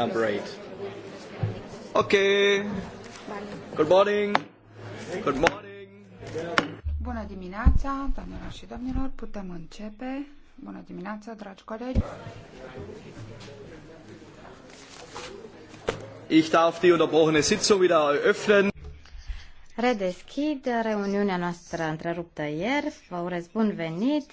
number eight. Okay. Good morning. Good morning. Bună dimineața, doamnelor și domnilor, putem începe. Bună dimineața, dragi colegi. Ich darf die unterbrochene Sitzung wieder eröffnen. Redeschid reuniunea noastră întreruptă ieri. Vă urez bun venit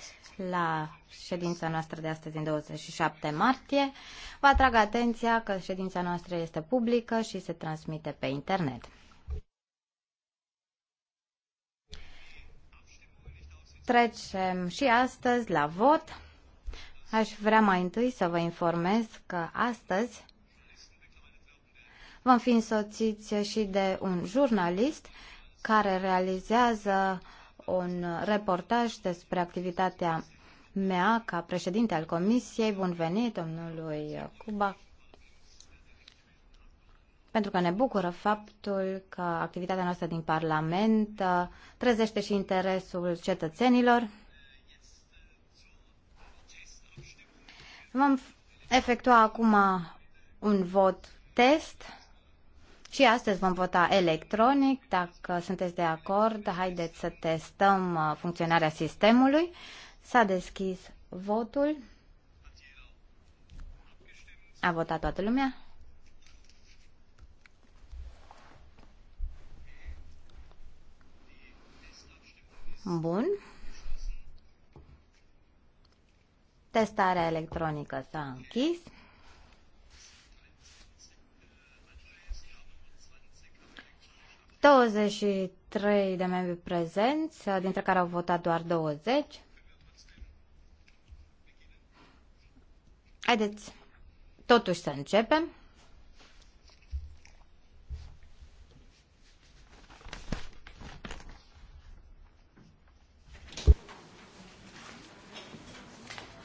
la ședința noastră de astăzi, în 27 martie. Vă atrag atenția că ședința noastră este publică și se transmite pe internet. Trecem și astăzi la vot. Aș vrea mai întâi să vă informez că astăzi vom fi însoțiți și de un jurnalist care realizează un reportaj despre activitatea mea ca președinte al Comisiei. Bun venit domnului Cuba, pentru că ne bucură faptul că activitatea noastră din Parlament uh, trezește și interesul cetățenilor. Vom efectua acum un vot test și astăzi vom vota electronic. Dacă sunteți de acord, haideți să testăm uh, funcționarea sistemului. S-a deschis votul. A votat toată lumea? Bun. Testarea electronică s-a închis. Douăzeci și trei de membri prezenți, dintre care au votat doar 20. Haideți totuși să începem.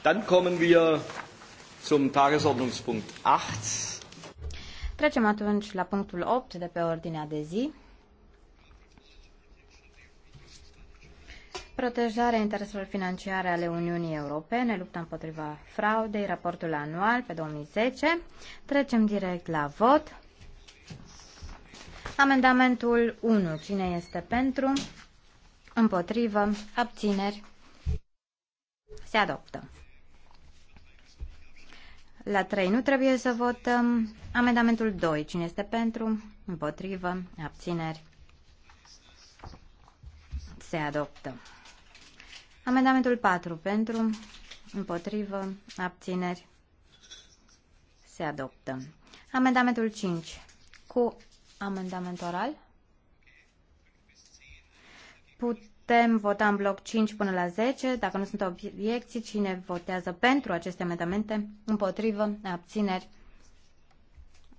Dann kommen wir zum Tagesordnungspunkt 8. Trecem atunci la punctul 8 de pe ordinea de zi. protejarea intereselor financiare ale Uniunii Europene, lupta împotriva fraudei, raportul anual pe 2010. Trecem direct la vot. Amendamentul 1. Cine este pentru? Împotrivă? Abțineri? Se adoptă. La 3 nu trebuie să votăm. Amendamentul 2. Cine este pentru? Împotrivă? Abțineri? Se adoptă. Amendamentul 4 pentru, împotrivă, abțineri, se adoptă. Amendamentul 5 cu amendament oral. Putem vota în bloc 5 până la 10. Dacă nu sunt obiecții, cine votează pentru aceste amendamente? Împotrivă, abțineri.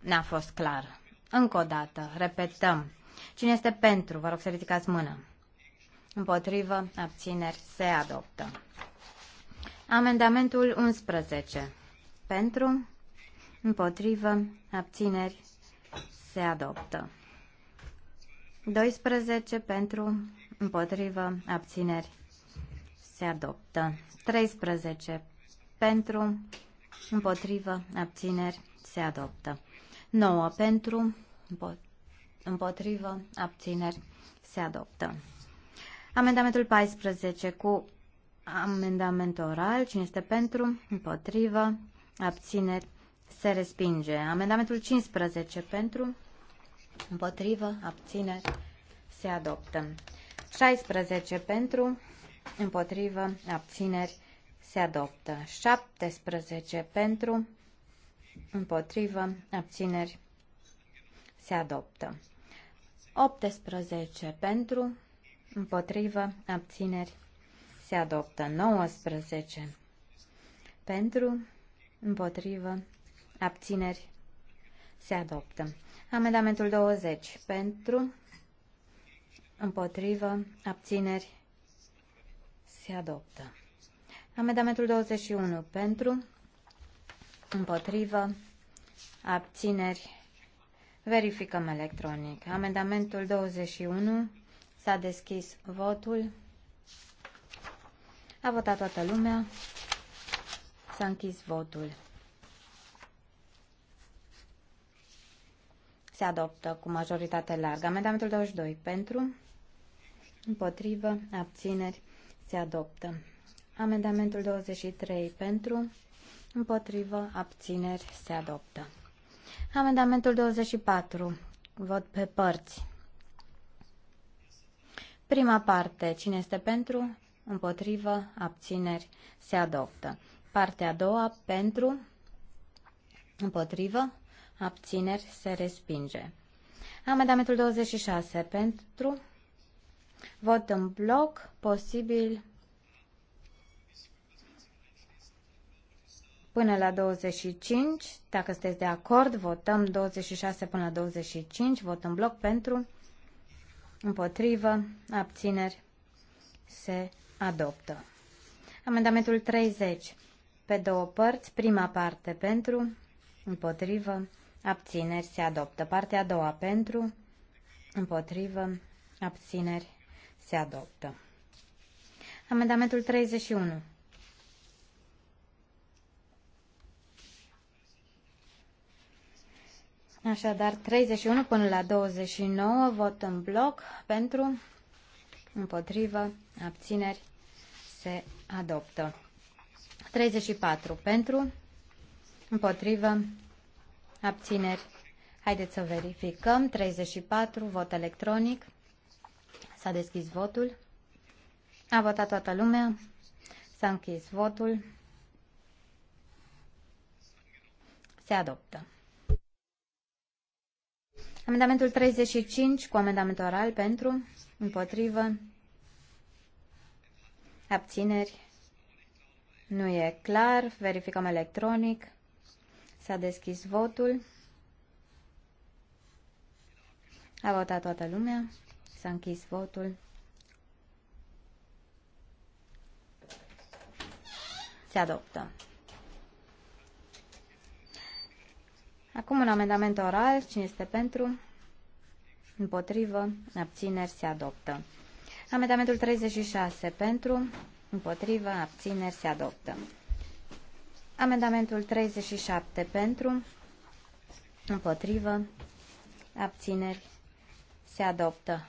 N-a fost clar. Încă o dată, repetăm. Cine este pentru? Vă rog să ridicați mâna împotrivă, abțineri, se adoptă. Amendamentul 11. Pentru, împotrivă, abțineri, se adoptă. 12 pentru, împotrivă, abțineri, se adoptă. 13 pentru, împotrivă, abțineri, se adoptă. 9 pentru, împotrivă, abțineri, se adoptă. Amendamentul 14 cu amendament oral. Cine este pentru? Împotrivă. Abțineri. Se respinge. Amendamentul 15 pentru? Împotrivă. Abțineri. Se adoptă. 16 pentru? Împotrivă. Abțineri. Se adoptă. 17 pentru? Împotrivă. Abțineri. Se adoptă. 18 pentru, împotrivă, abțineri, se adoptă. 19 pentru, împotrivă, abțineri, se adoptă. Amendamentul 20 pentru, împotrivă, abțineri, se adoptă. Amendamentul 21 pentru, împotrivă, abțineri, verificăm electronic. Amendamentul 21 S-a deschis votul. A votat toată lumea. S-a închis votul. Se adoptă cu majoritate largă. Amendamentul 22 pentru, împotrivă, abțineri, se adoptă. Amendamentul 23 pentru, împotrivă, abțineri, se adoptă. Amendamentul 24, vot pe părți. Prima parte, cine este pentru, împotrivă, abțineri, se adoptă. Partea a doua, pentru, împotrivă, abțineri, se respinge. Amendamentul 26, pentru, vot în bloc, posibil până la 25. Dacă sunteți de acord, votăm 26 până la 25, vot în bloc pentru, Împotrivă. Abțineri. Se adoptă. Amendamentul 30. Pe două părți, prima parte pentru, împotrivă, abțineri se adoptă. Partea a doua pentru, împotrivă, abțineri se adoptă. Amendamentul 31. Așadar, 31 până la 29, vot în bloc pentru, împotrivă, abțineri, se adoptă. 34 pentru, împotrivă, abțineri. Haideți să verificăm. 34, vot electronic. S-a deschis votul. A votat toată lumea. S-a închis votul. Se adoptă. Amendamentul 35 cu amendament oral pentru, împotrivă, abțineri. Nu e clar. Verificăm electronic. S-a deschis votul. A votat toată lumea. S-a închis votul. Se adoptă. Acum un amendament oral. Cine este pentru? Împotrivă. Abțineri se adoptă. Amendamentul 36 pentru. Împotrivă. Abțineri se adoptă. Amendamentul 37 pentru. Împotrivă. Abțineri se adoptă.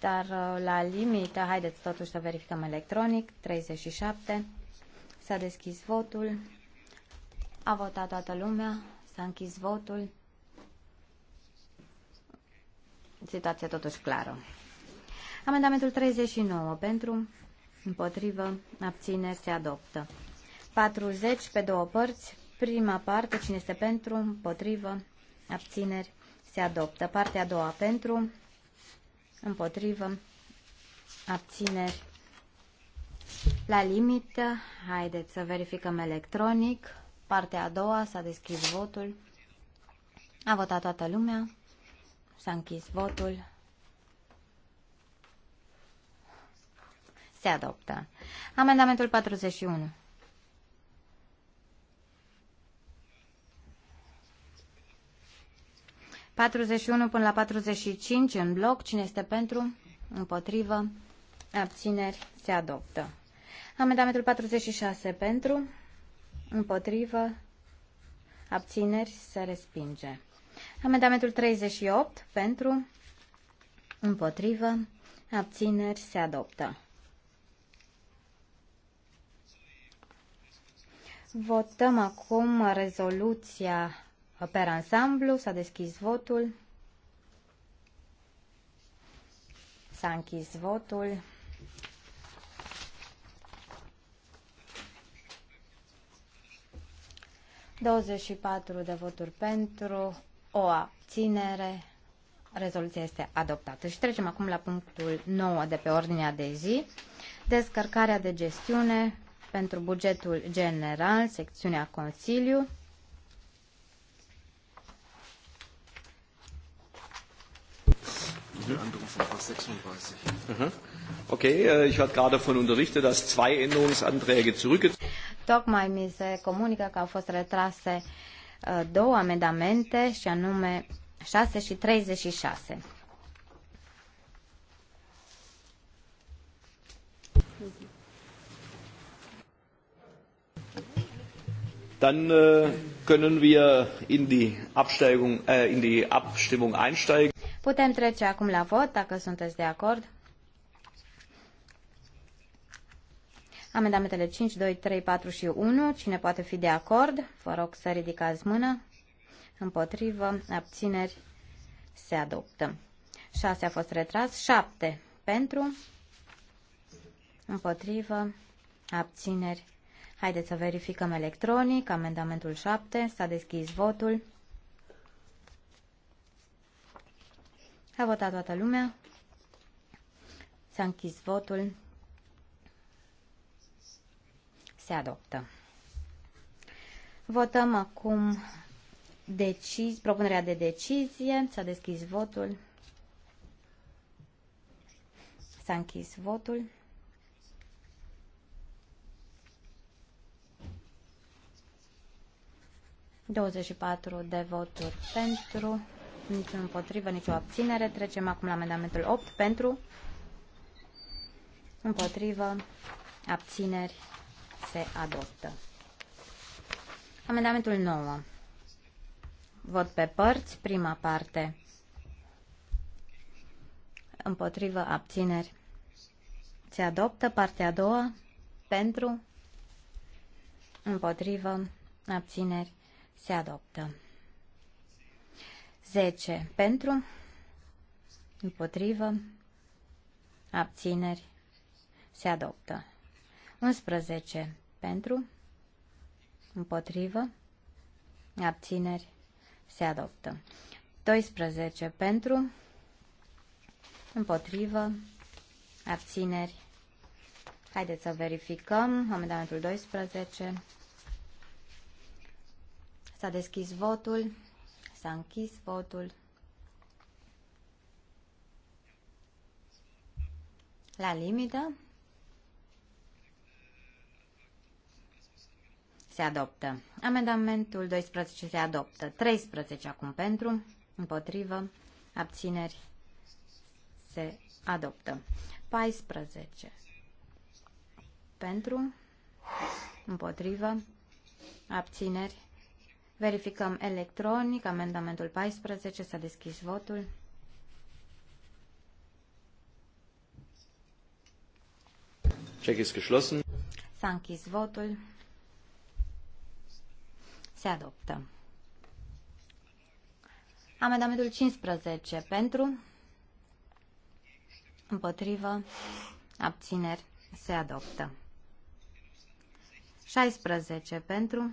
Dar uh, la limită, haideți totuși să verificăm electronic. 37. S-a deschis votul. A votat toată lumea. S-a închis votul. Situația totuși clară. Amendamentul 39 pentru, împotrivă, abțineri se adoptă. 40 pe două părți. Prima parte, cine este pentru, împotrivă, abțineri se adoptă. Partea a doua pentru, împotrivă, abțineri. La limită, haideți să verificăm electronic. Partea a doua s-a deschis votul. A votat toată lumea. S-a închis votul. Se adoptă. Amendamentul 41. Patruzeci până la 45 în bloc. Cine este pentru? Împotrivă. Abțineri. Se adoptă. Amendamentul 46 pentru. Împotrivă. Abțineri se respinge. Amendamentul 38 pentru. Împotrivă. Abțineri se adoptă. Votăm acum rezoluția pe ansamblu. S-a deschis votul. S-a închis votul. 24 de voturi pentru, o abținere. Rezoluția este adoptată. Și trecem acum la punctul 9 de pe ordinea de zi. Descărcarea de gestiune pentru bugetul general, secțiunea Consiliu. Mhm. Mhm. Ok, Okay, äh, ich werde gerade von unterrichtet, dass zwei Änderungsanträge zurückgezogen Tocmai mi se comunică că au fost retrase uh, două amendamente, și anume 6 și 36. Dann uh, können wir in die, Absteigung, äh, in die Abstimmung einsteigen. Putem trece acum la vot, dacă sunteți de acord. Amendamentele 5, 2, 3, 4 și 1. Cine poate fi de acord? Vă rog să ridicați mână. Împotrivă. Abțineri. Se adoptă. 6 a fost retras. 7 pentru. Împotrivă. Abțineri. Haideți să verificăm electronic. Amendamentul 7. S-a deschis votul. A votat toată lumea. S-a închis votul se adoptă. Votăm acum decizi, propunerea de decizie. S-a deschis votul. S-a închis votul. Douăzeci și patru de voturi pentru, niciun împotrivă, nicio abținere. Trecem acum la amendamentul 8 pentru, împotrivă, abțineri, se adoptă. Amendamentul 9. Vot pe părți, prima parte. Împotrivă abțineri. Se adoptă partea a doua pentru, împotrivă, abțineri. Se adoptă. 10. Pentru, împotrivă, abțineri. Se adoptă. 11 pentru, împotrivă, abțineri, se adoptă. 12 pentru, împotrivă, abțineri. Haideți să verificăm. Amendamentul 12. S-a deschis votul, s-a închis votul. La limită se adoptă. Amendamentul 12 se adoptă. 13 acum pentru, împotrivă, abțineri, se adoptă. 14 pentru, împotrivă, abțineri. Verificăm electronic amendamentul 14, s-a deschis votul. Check is geschlossen. S-a închis votul se adoptă. Amendamentul 15 pentru, împotrivă, abțineri, se adoptă. 16 pentru,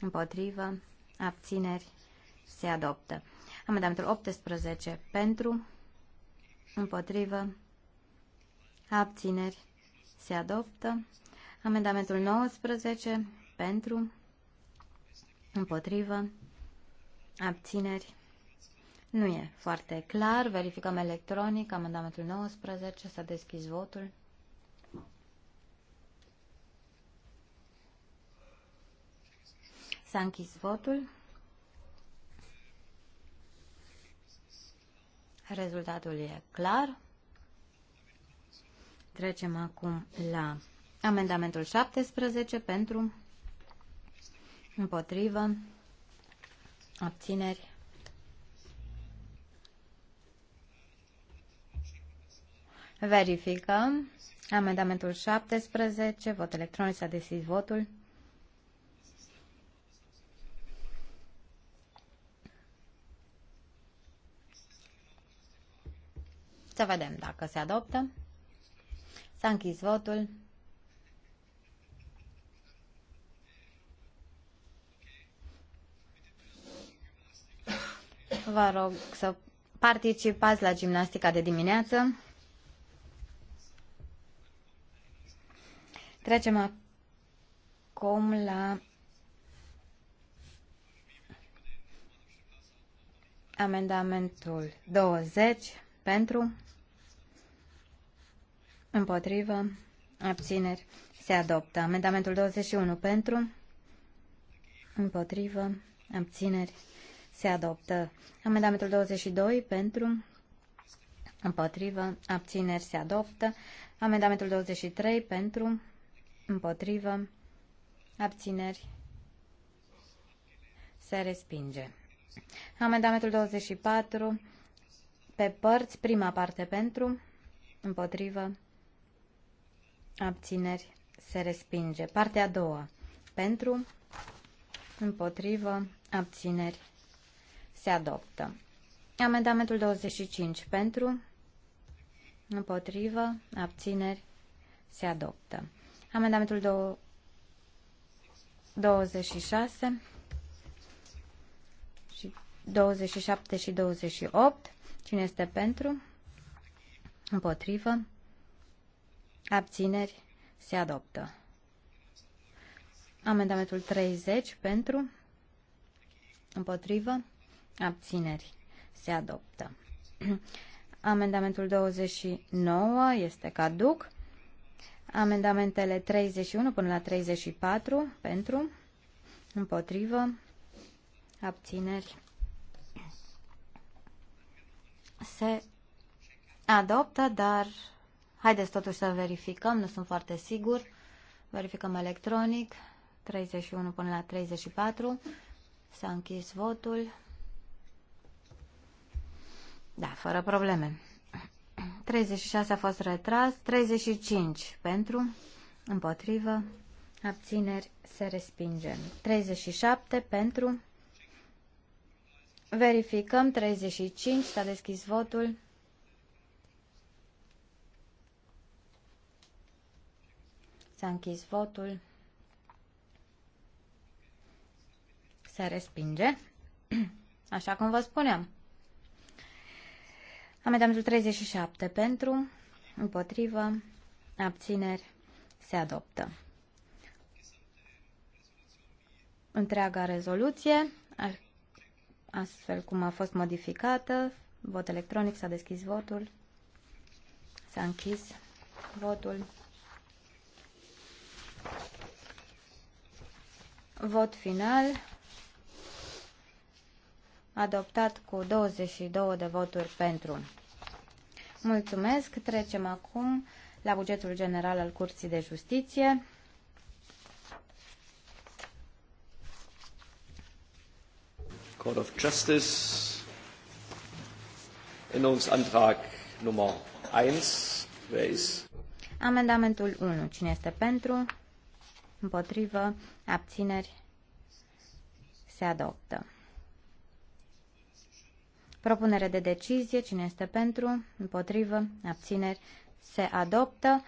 împotrivă, abțineri, se adoptă. Amendamentul 18 pentru, împotrivă, abțineri, se adoptă. Amendamentul 19 pentru, Împotrivă. Abțineri. Nu e foarte clar. Verificăm electronic. Amendamentul 19. S-a deschis votul. S-a închis votul. Rezultatul e clar. Trecem acum la amendamentul 17 pentru Împotrivă. Abțineri. Verificăm. Amendamentul 17. Vot electronic. S-a deschis votul. Să vedem dacă se adoptă. S-a închis votul. Vă rog să participați la gimnastica de dimineață. Trecem acum la amendamentul 20 pentru, împotrivă, abțineri, se adoptă. Amendamentul 21 pentru, împotrivă, abțineri, se adoptă. Amendamentul 22 pentru, împotrivă, abțineri se adoptă. Amendamentul 23 pentru, împotrivă, abțineri se respinge. Amendamentul 24 pe părți, prima parte pentru, împotrivă, abțineri se respinge. Partea a doua pentru, împotrivă, abțineri se adoptă. Amendamentul 25 pentru, împotrivă, abțineri, se adoptă. Amendamentul 26 și 27 și 28, cine este pentru, împotrivă, abțineri, se adoptă. Amendamentul 30 pentru, împotrivă, abțineri, se adoptă. Amendamentul 29 este caduc. Amendamentele 31 până la 34 pentru, împotrivă, abțineri. Se adoptă, dar haideți totuși să verificăm, nu sunt foarte sigur. Verificăm electronic, 31 până la 34. S-a închis votul. Da, fără probleme. 36 a fost retras, 35 pentru, împotrivă, abțineri, se respinge. 37 pentru, verificăm, 35, s-a deschis votul. S-a închis votul. Se respinge, așa cum vă spuneam. Amendamentul 37 pentru, împotrivă, abțineri, se adoptă. Întreaga rezoluție, astfel cum a fost modificată, vot electronic, s-a deschis votul, s-a închis votul. Vot final adoptat cu 22 de voturi pentru. Mulțumesc. Trecem acum la bugetul general al Curții de Justiție. Court of Justice. Änderungsantrag Nummer 1. Wer ist? Amendamentul 1. Cine este pentru? Împotrivă? Abțineri? Se adoptă. Propunere de decizie, cine este pentru, împotrivă, abțineri, se adoptă.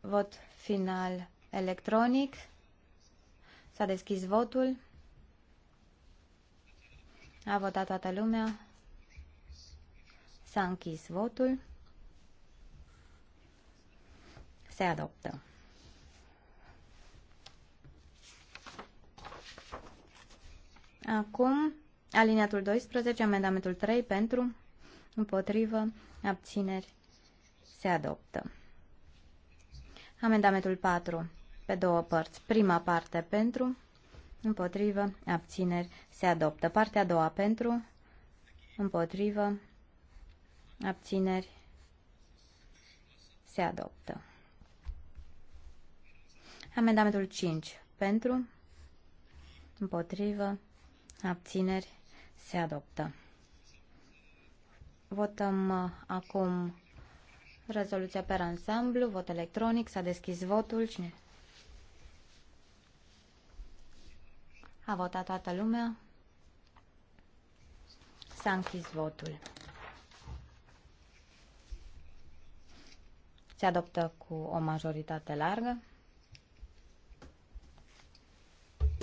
Vot final electronic. S-a deschis votul. A votat toată lumea. S-a închis votul. Se adoptă. Acum Aliniatul 12, amendamentul 3 pentru, împotrivă, abțineri, se adoptă. Amendamentul 4, pe două părți. Prima parte pentru, împotrivă, abțineri, se adoptă. Partea a doua pentru, împotrivă, abțineri, se adoptă. Amendamentul 5, pentru, împotrivă, abțineri, se adoptă. Votăm uh, acum rezoluția pe ansamblu, vot electronic, s-a deschis votul. Cine? A votat toată lumea. S-a închis votul. Se adoptă cu o majoritate largă.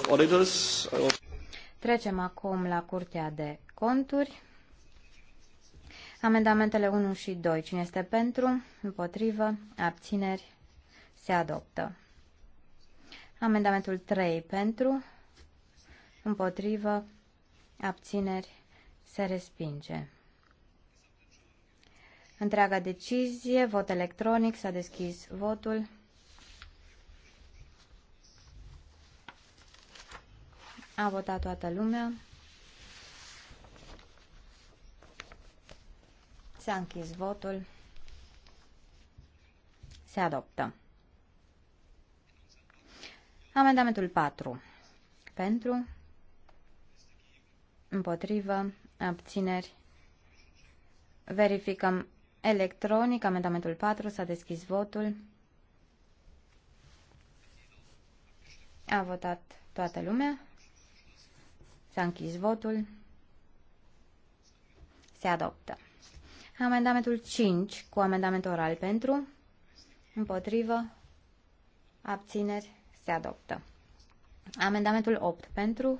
Auditors, Trecem acum la Curtea de Conturi. Amendamentele 1 și 2. Cine este pentru? Împotrivă? Abțineri? Se adoptă. Amendamentul 3 pentru? Împotrivă? Abțineri? Se respinge. Întreaga decizie, vot electronic, s-a deschis votul. A votat toată lumea. S-a închis votul. Se adoptă. Amendamentul 4. Pentru. Împotrivă. Abțineri. Verificăm electronic. Amendamentul 4. S-a deschis votul. A votat toată lumea. S-a închis votul. Se adoptă. Amendamentul 5 cu amendament oral pentru, împotrivă, abțineri, se adoptă. Amendamentul 8 pentru,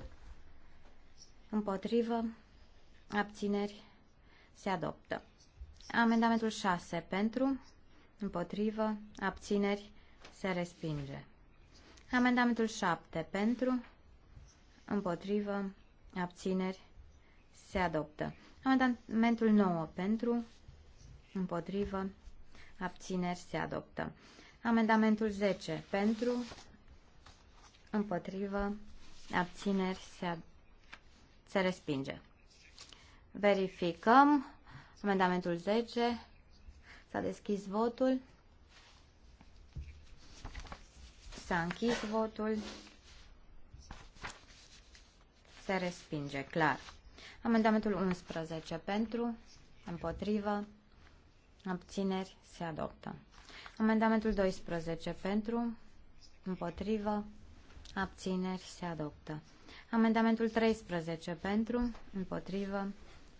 împotrivă, abțineri, se adoptă. Amendamentul 6 pentru, împotrivă, abțineri, se respinge. Amendamentul 7 pentru, împotrivă, abțineri, se adoptă. Amendamentul 9 pentru, împotrivă, abțineri, se adoptă. Amendamentul 10 pentru, împotrivă, abțineri, se, se respinge. Verificăm. Amendamentul 10. S-a deschis votul. S-a închis votul se respinge, clar. Amendamentul 11 pentru, împotrivă, abțineri, se adoptă. Amendamentul 12 pentru, împotrivă, abțineri, se adoptă. Amendamentul 13 pentru, împotrivă,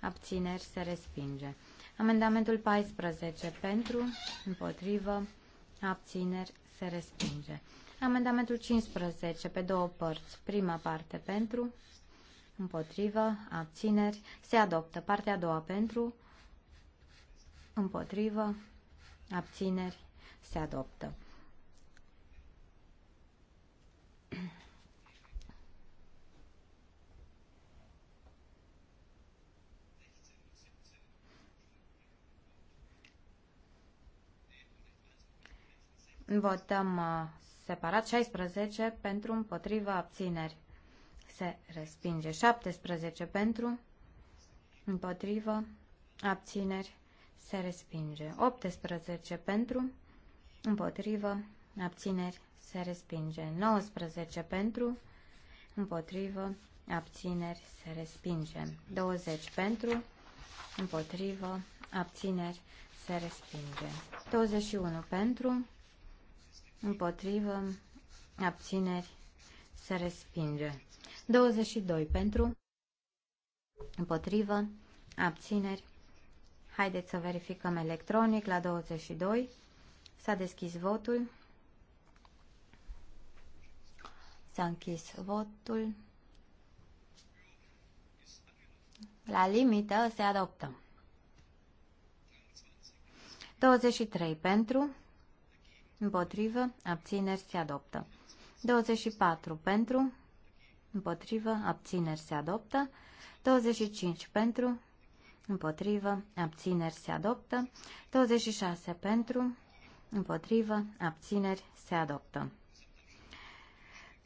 abțineri, se respinge. Amendamentul 14 pentru, împotrivă, abțineri, se respinge. Amendamentul 15 pe două părți. Prima parte pentru, împotrivă, abțineri, se adoptă. Partea a doua pentru, împotrivă, abțineri, se adoptă. Votăm uh, separat 16 pentru împotriva abțineri se respinge. 17 pentru, împotrivă, abțineri, se respinge. 18 pentru, împotrivă, abțineri, se respinge. 19 pentru, împotrivă, abțineri, se respinge. 20 pentru, împotrivă, abțineri, se respinge. 21 pentru, împotrivă, abțineri, se respinge. 22 pentru, împotrivă, abțineri. Haideți să verificăm electronic la 22. S-a deschis votul. S-a închis votul. La limită se adoptă. 23 pentru, împotrivă, abțineri se adoptă. 24 pentru, împotrivă, abțineri se adoptă. 25 pentru, împotrivă, abțineri se adoptă. 26 pentru, împotrivă, abțineri se adoptă.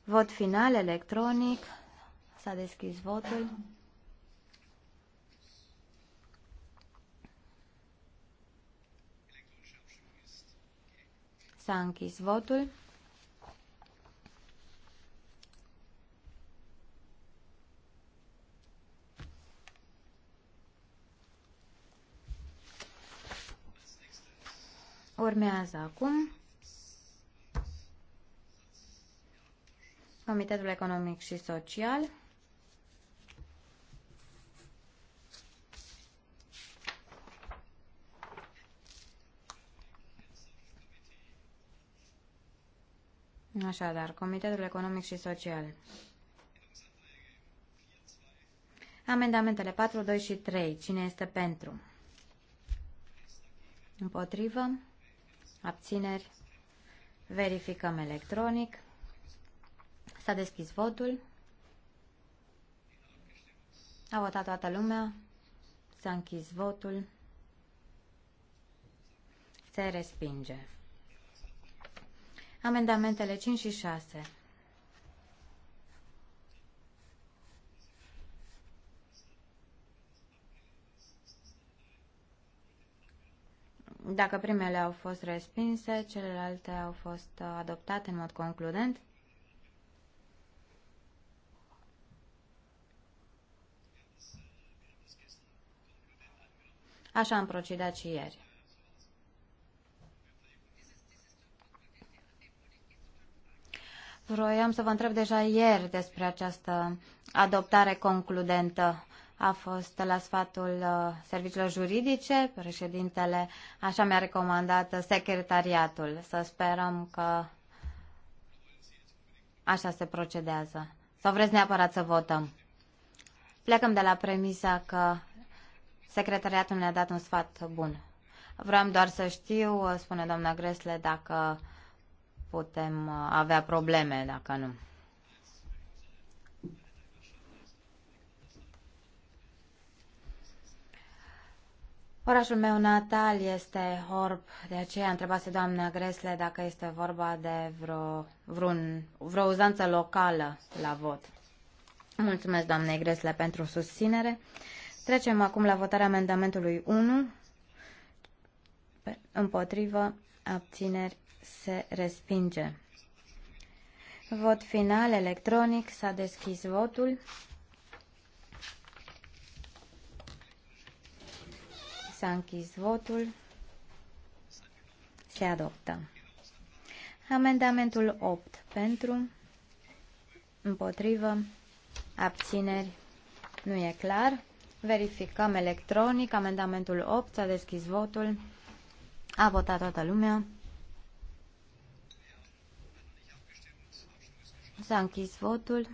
Vot final electronic. S-a deschis votul. S-a închis votul. Urmează acum Comitetul Economic și Social. Așadar, Comitetul Economic și Social. Amendamentele 4, 2 și 3. Cine este pentru? Împotrivă? abțineri, verificăm electronic. S-a deschis votul. A votat toată lumea. S-a închis votul. Se respinge. Amendamentele 5 și 6. Dacă primele au fost respinse, celelalte au fost uh, adoptate în mod concludent. Așa am procedat și ieri. Vroiam să vă întreb deja ieri despre această adoptare concludentă a fost la sfatul uh, serviciilor juridice, președintele așa mi-a recomandat uh, secretariatul. Să sperăm că așa se procedează. Sau vreți neapărat să votăm? Plecăm de la premisa că secretariatul ne-a dat un sfat bun. Vreau doar să știu, uh, spune doamna Gresle, dacă putem avea probleme, dacă nu. Orașul meu natal este Horb, de aceea întrebase doamna Gresle dacă este vorba de vreo, vreun, vreo uzanță locală la vot. Mulțumesc, doamnei Gresle, pentru susținere. Trecem acum la votarea amendamentului 1. Împotrivă, abțineri, se respinge. Vot final electronic, s-a deschis votul. S-a închis votul. Se adoptă. Amendamentul 8 pentru, împotrivă, abțineri, nu e clar. Verificăm electronic. Amendamentul 8 s-a deschis votul. A votat toată lumea. S-a închis votul.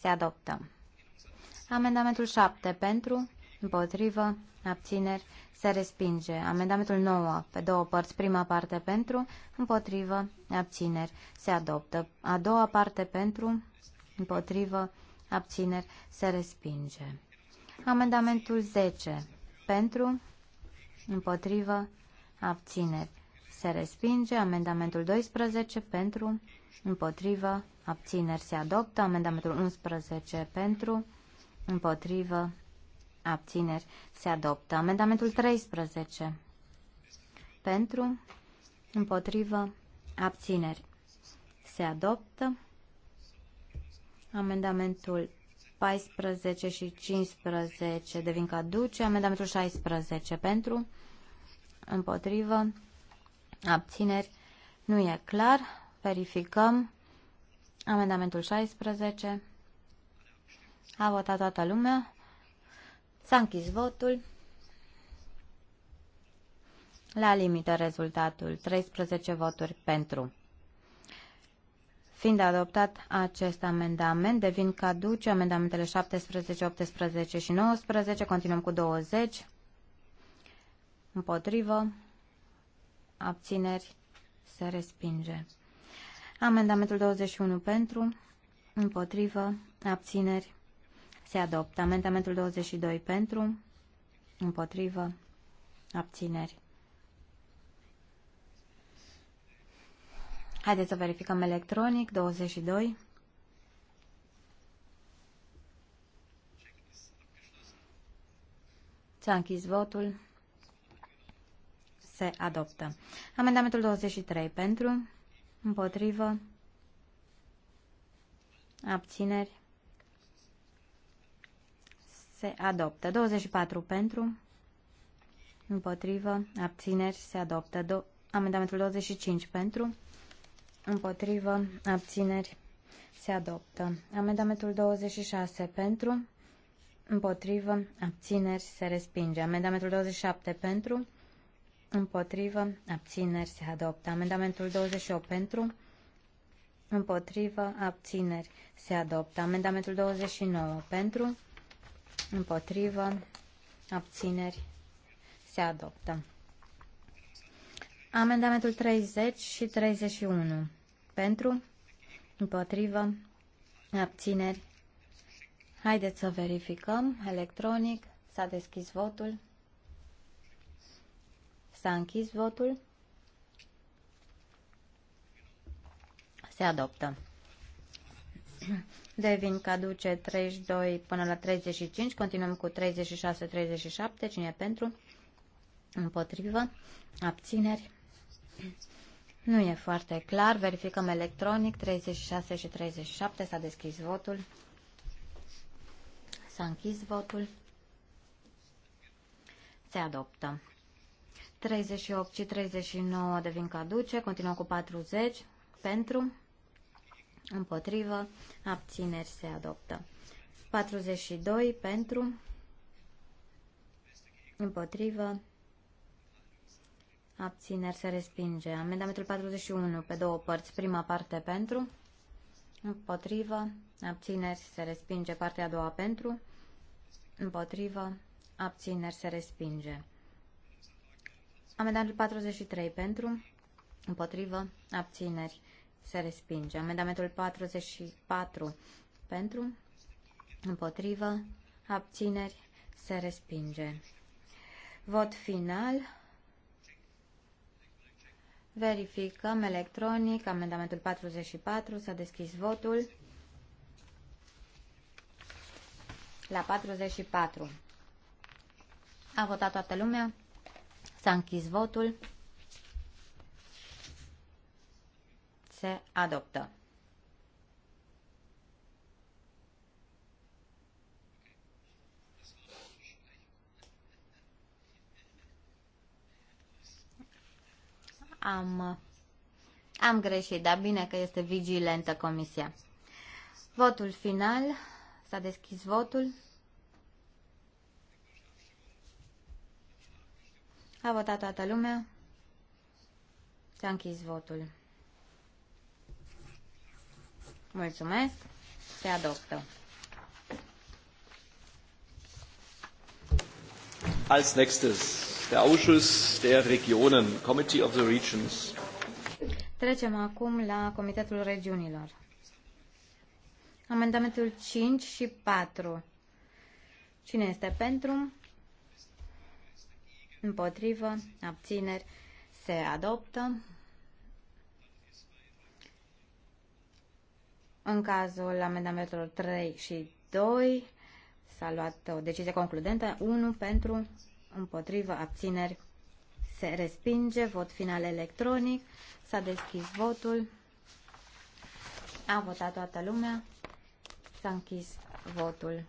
Se adoptă. Amendamentul 7 pentru, împotrivă, abțineri, se respinge. Amendamentul 9, pe două părți, prima parte pentru, împotrivă, abțineri, se adoptă. A doua parte pentru, împotrivă, abțineri, se respinge. Amendamentul 10, pentru, împotrivă, abțineri, se respinge. Amendamentul 12, pentru, împotrivă, abțineri, se adoptă. Amendamentul 11, pentru, împotrivă, Abțineri. Se adoptă. Amendamentul 13. Pentru. Împotrivă. Abțineri. Se adoptă. Amendamentul 14 și 15 devin caduce. Amendamentul 16 pentru. Împotrivă. Abțineri. Nu e clar. Verificăm. Amendamentul 16. A votat toată lumea. S-a închis votul. La limită rezultatul 13 voturi pentru. Fiind adoptat acest amendament, devin caduce amendamentele 17, 18 și 19. Continuăm cu 20. Împotrivă. Abțineri. Se respinge. Amendamentul 21 pentru. Împotrivă. Abțineri. Se adoptă. Amendamentul 22 pentru, împotrivă, abțineri. Haideți să verificăm electronic. 22. S-a închis votul. Se adoptă. Amendamentul 23 pentru, împotrivă, abțineri se adoptă. 24 pentru, împotrivă, abțineri, se adoptă. Do amendamentul 25 pentru, împotrivă, abțineri, se adoptă. Amendamentul 26 pentru, împotrivă, abțineri, se respinge. Amendamentul 27 pentru, împotrivă, abțineri, se adoptă. Amendamentul 28 pentru, împotrivă, abțineri, se adoptă. Amendamentul 29 pentru, împotrivă, abțineri, se adoptă. Amendamentul 30 și 31. Pentru, împotrivă, abțineri. Haideți să verificăm electronic. S-a deschis votul. S-a închis votul. Se adoptă devin caduce 32 până la 35, continuăm cu 36-37, cine pentru, împotrivă, abțineri. Nu e foarte clar, verificăm electronic, 36 și 37, s-a deschis votul, s-a închis votul, se adoptă. 38 și 39 devin caduce, continuăm cu 40, pentru, împotrivă, abțineri se adoptă. 42 pentru, împotrivă, abțineri se respinge. Amendamentul 41 pe două părți, prima parte pentru, împotrivă, abțineri se respinge, partea a doua pentru, împotrivă, abțineri se respinge. Amendamentul 43 pentru, împotrivă, abțineri se respinge. Amendamentul 44 pentru, împotrivă, abțineri, se respinge. Vot final. Verificăm electronic amendamentul 44. S-a deschis votul la 44. A votat toată lumea. S-a închis votul. se adoptă. Am, am greșit, dar bine că este vigilentă comisia. Votul final. S-a deschis votul. A votat toată lumea. S-a închis votul. Mulțumesc. Se adoptă. Als nächstes der Ausschuss der Regionen, Committee of the Regions. Trecem acum la Comitetul Regiunilor. Amendamentul 5 și 4. Cine este pentru? Împotrivă? Abțineri? Se adoptă. În cazul amendamentelor 3 și 2 s-a luat o decizie concludentă, 1 pentru, împotrivă, abțineri, se respinge, vot final electronic, s-a deschis votul, a votat toată lumea, s-a închis votul.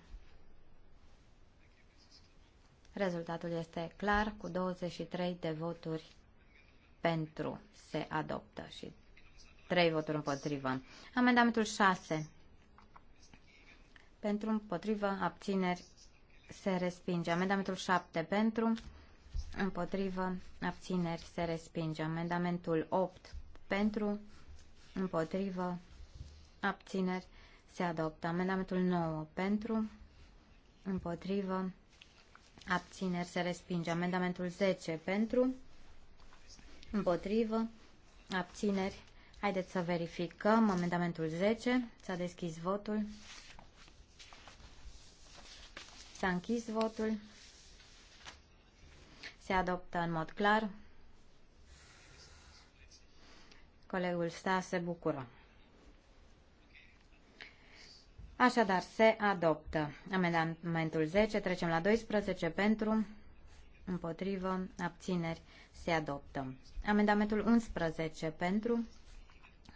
Rezultatul este clar, cu 23 de voturi pentru se adoptă și 3 voturi împotrivă. Amendamentul 6. Pentru împotrivă, abțineri, se respinge. Amendamentul 7 pentru, împotrivă, abțineri, se respinge. Amendamentul 8 pentru, împotrivă, abțineri, se adoptă. Amendamentul 9 pentru, împotrivă, abțineri, se respinge. Amendamentul 10 pentru, împotrivă, abțineri, Haideți să verificăm amendamentul 10. S-a deschis votul. S-a închis votul. Se adoptă în mod clar. Colegul sta se bucură. Așadar, se adoptă amendamentul 10. Trecem la 12 pentru, împotrivă, abțineri, se adoptă. Amendamentul 11 pentru,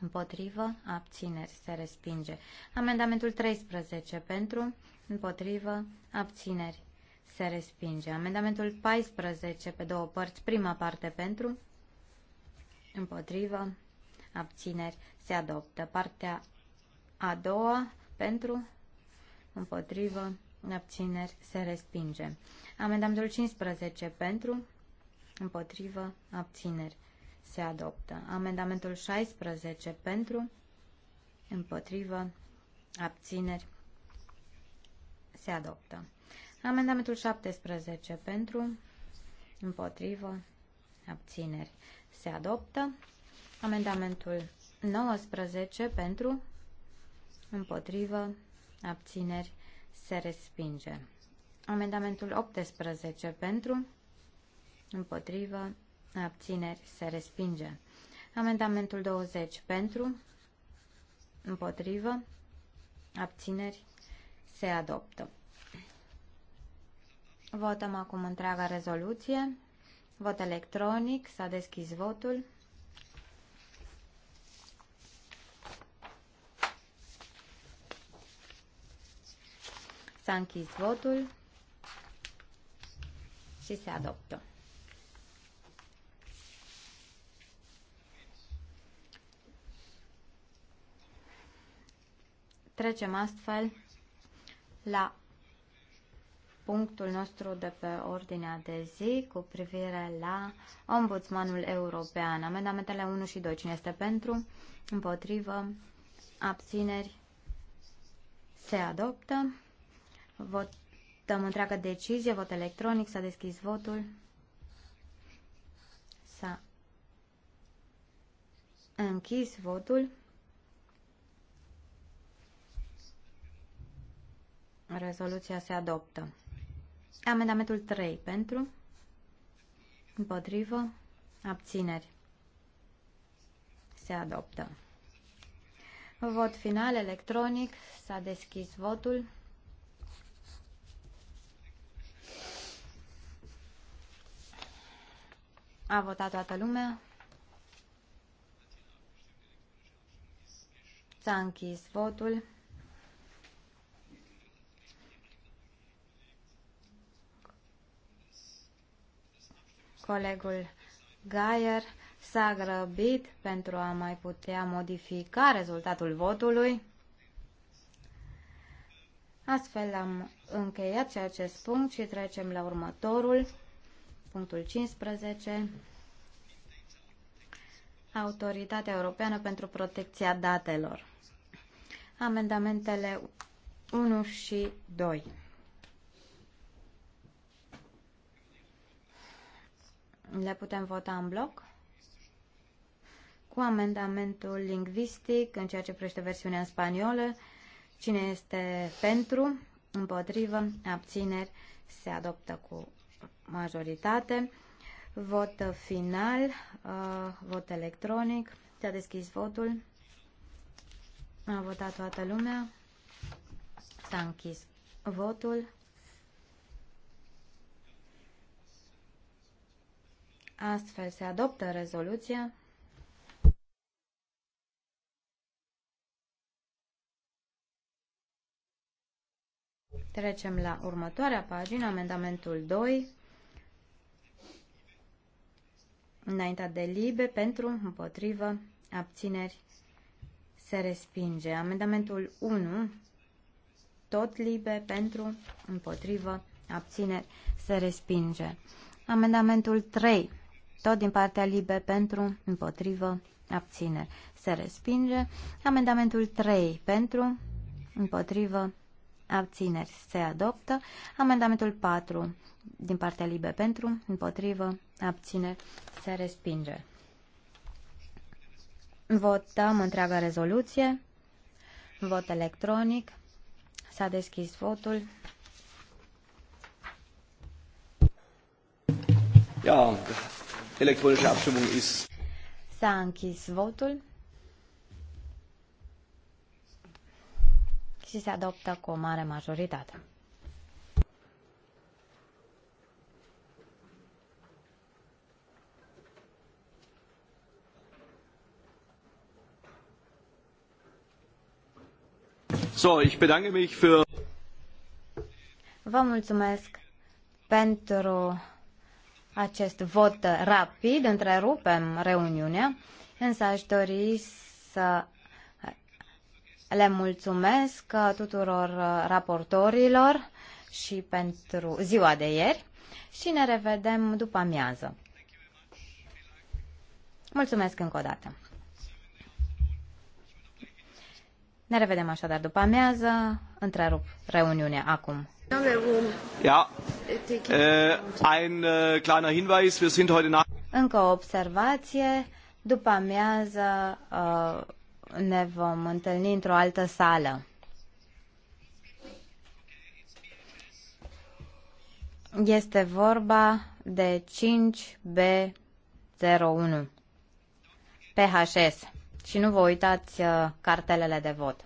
Împotrivă, abțineri, se respinge. Amendamentul 13 pentru, împotrivă, abțineri, se respinge. Amendamentul 14 pe două părți, prima parte pentru, împotrivă, abțineri, se adoptă. Partea a doua pentru, împotrivă, abțineri, se respinge. Amendamentul 15 pentru, împotrivă, abțineri, se adoptă. Amendamentul 16 pentru, împotrivă, abțineri, se adoptă. Amendamentul 17 pentru, împotrivă, abțineri, se adoptă. Amendamentul 19 pentru, împotrivă, abțineri, se respinge. Amendamentul 18 pentru, împotrivă, abțineri, se respinge. Amendamentul 20 pentru, împotrivă, abțineri, se adoptă. Votăm acum întreaga rezoluție. Vot electronic, s-a deschis votul. S-a închis votul și se adoptă. Trecem astfel la punctul nostru de pe ordinea de zi cu privire la Ombudsmanul European. Amendamentele 1 și 2. Cine este pentru? Împotrivă? Abțineri? Se adoptă. Votăm întreaga decizie. Vot electronic. S-a deschis votul. S-a închis votul. Rezoluția se adoptă. Amendamentul 3 pentru, împotrivă, abțineri. Se adoptă. Vot final electronic. S-a deschis votul. A votat toată lumea. S-a închis votul. Colegul Gaier s-a grăbit pentru a mai putea modifica rezultatul votului. Astfel am încheiat și acest punct și trecem la următorul, punctul 15. Autoritatea Europeană pentru Protecția Datelor. Amendamentele 1 și 2. le putem vota în bloc cu amendamentul lingvistic în ceea ce privește versiunea în spaniolă. Cine este pentru, împotrivă, abțineri, se adoptă cu majoritate. Vot final, uh, vot electronic. S-a deschis votul. A votat toată lumea. S-a închis votul. Astfel se adoptă rezoluția Trecem la următoarea pagină, amendamentul 2, înaintea de libe, pentru, împotrivă, abțineri, se respinge. Amendamentul 1, tot libe, pentru, împotrivă, abțineri, se respinge. Amendamentul 3, tot din partea libe pentru, împotrivă, abțineri. Se respinge. Amendamentul 3 pentru, împotrivă, abțineri. Se adoptă. Amendamentul 4 din partea libe pentru, împotrivă, abțineri. Se respinge. Votăm întreaga rezoluție. Vot electronic. S-a deschis votul. Ja, Electronice Abstimmung ist. S-a închis votul și se adoptă cu o mare majoritate. So, ich bedanke mich für Vă mulțumesc pentru acest vot rapid, întrerupem reuniunea, însă aș dori să le mulțumesc tuturor raportorilor și pentru ziua de ieri și ne revedem după amiază. Mulțumesc încă o dată. Ne revedem așadar după amiază, întrerup reuniunea acum. Um, ja, äh, ein äh, kleiner Hinweis, wir sind heute Nacht. Încă o observație, după amiază äh, ne vom întâlni într-o altă sală. Este vorba de 5B01 PHS și nu vă uitați uh, cartelele de vot.